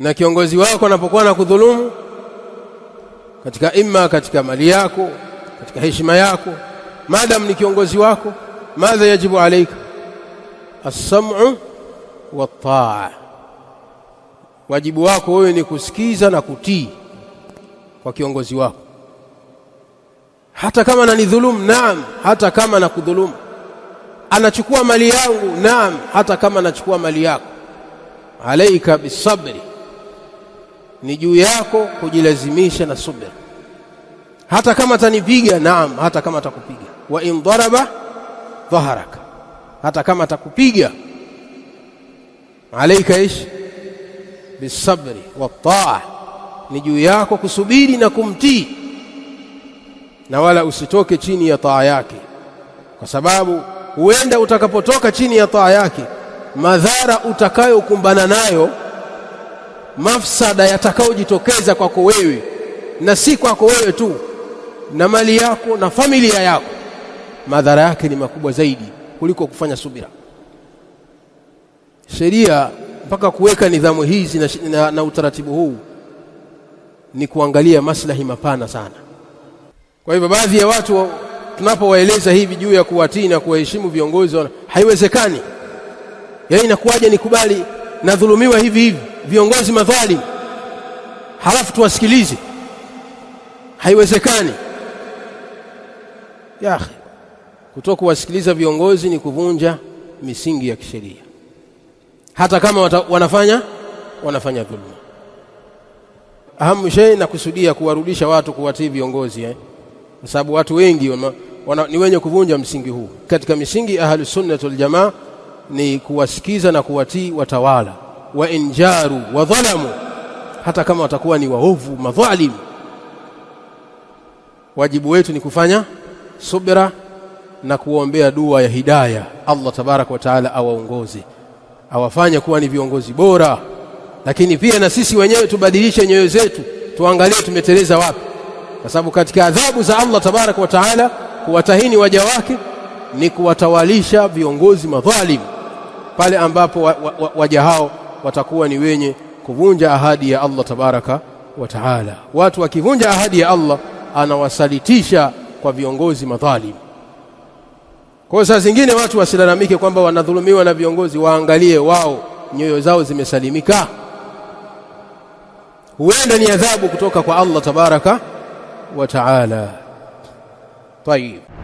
na kiongozi wako anapokuwa na kudhulumu katika imma, katika mali yako, katika heshima yako, madam ni kiongozi wako, madha yajibu alaika as-sam'u wa taa, wajibu wako wewe ni kusikiza na kutii kwa kiongozi wako, hata kama ananidhulumu naam, hata kama nakudhulumu. Anachukua mali yangu, naam, hata kama anachukua mali yako. Alaika bisabri ni juu yako kujilazimisha na subra, hata kama atanipiga, naam, hata kama atakupiga. Wa in dharaba dhaharaka, hata kama atakupiga, alaika ishi bisabri taa ni juu yako kusubiri na kumtii, na wala usitoke chini ya taa yake, kwa sababu huenda utakapotoka chini ya taa yake madhara utakayokumbana nayo mafsada yatakayojitokeza kwako wewe na si kwako wewe tu, na mali yako na familia yako, madhara yake ni makubwa zaidi kuliko kufanya subira. Sheria mpaka kuweka nidhamu hizi na, na, na utaratibu huu ni kuangalia maslahi mapana sana. Kwa hivyo baadhi ya watu tunapowaeleza hivi juu ya kuwatii na kuwaheshimu viongozi, haiwezekani. Yaani, inakuwaje nikubali nadhulumiwa hivi hivi? viongozi madhalimu halafu tuwasikilize haiwezekani ya akhi kutoka kuwasikiliza viongozi ni kuvunja misingi ya kisheria hata kama wata, wanafanya wanafanya dhulma ahamu shei na kusudia kuwarudisha watu kuwatii viongozi eh? kwa sababu watu wengi wana, wana, ni wenye kuvunja msingi huu katika misingi ahlusunnati waljamaa ni kuwasikiza na kuwatii watawala wa injaru wa dhalamu, hata kama watakuwa ni waovu madhalim, wajibu wetu ni kufanya subra na kuombea dua ya hidayah. Allah tabaraka wa taala awaongoze, awafanye kuwa ni viongozi bora, lakini pia na sisi wenyewe tubadilishe nyoyo zetu, tuangalie tumeteleza wapi, kwa sababu katika adhabu za Allah tabaraka wa taala kuwatahini waja wake ni kuwatawalisha viongozi madhalimu pale ambapo waja wa, wa, wa hao watakuwa ni wenye kuvunja ahadi ya Allah tabaraka wa taala. Watu wakivunja ahadi ya Allah anawasalitisha kwa viongozi madhalim. Kwa saa zingine watu wasilalamike kwamba wanadhulumiwa na viongozi, waangalie wao nyoyo zao zimesalimika. Huenda ni adhabu kutoka kwa Allah tabaraka wa taala. Tayib.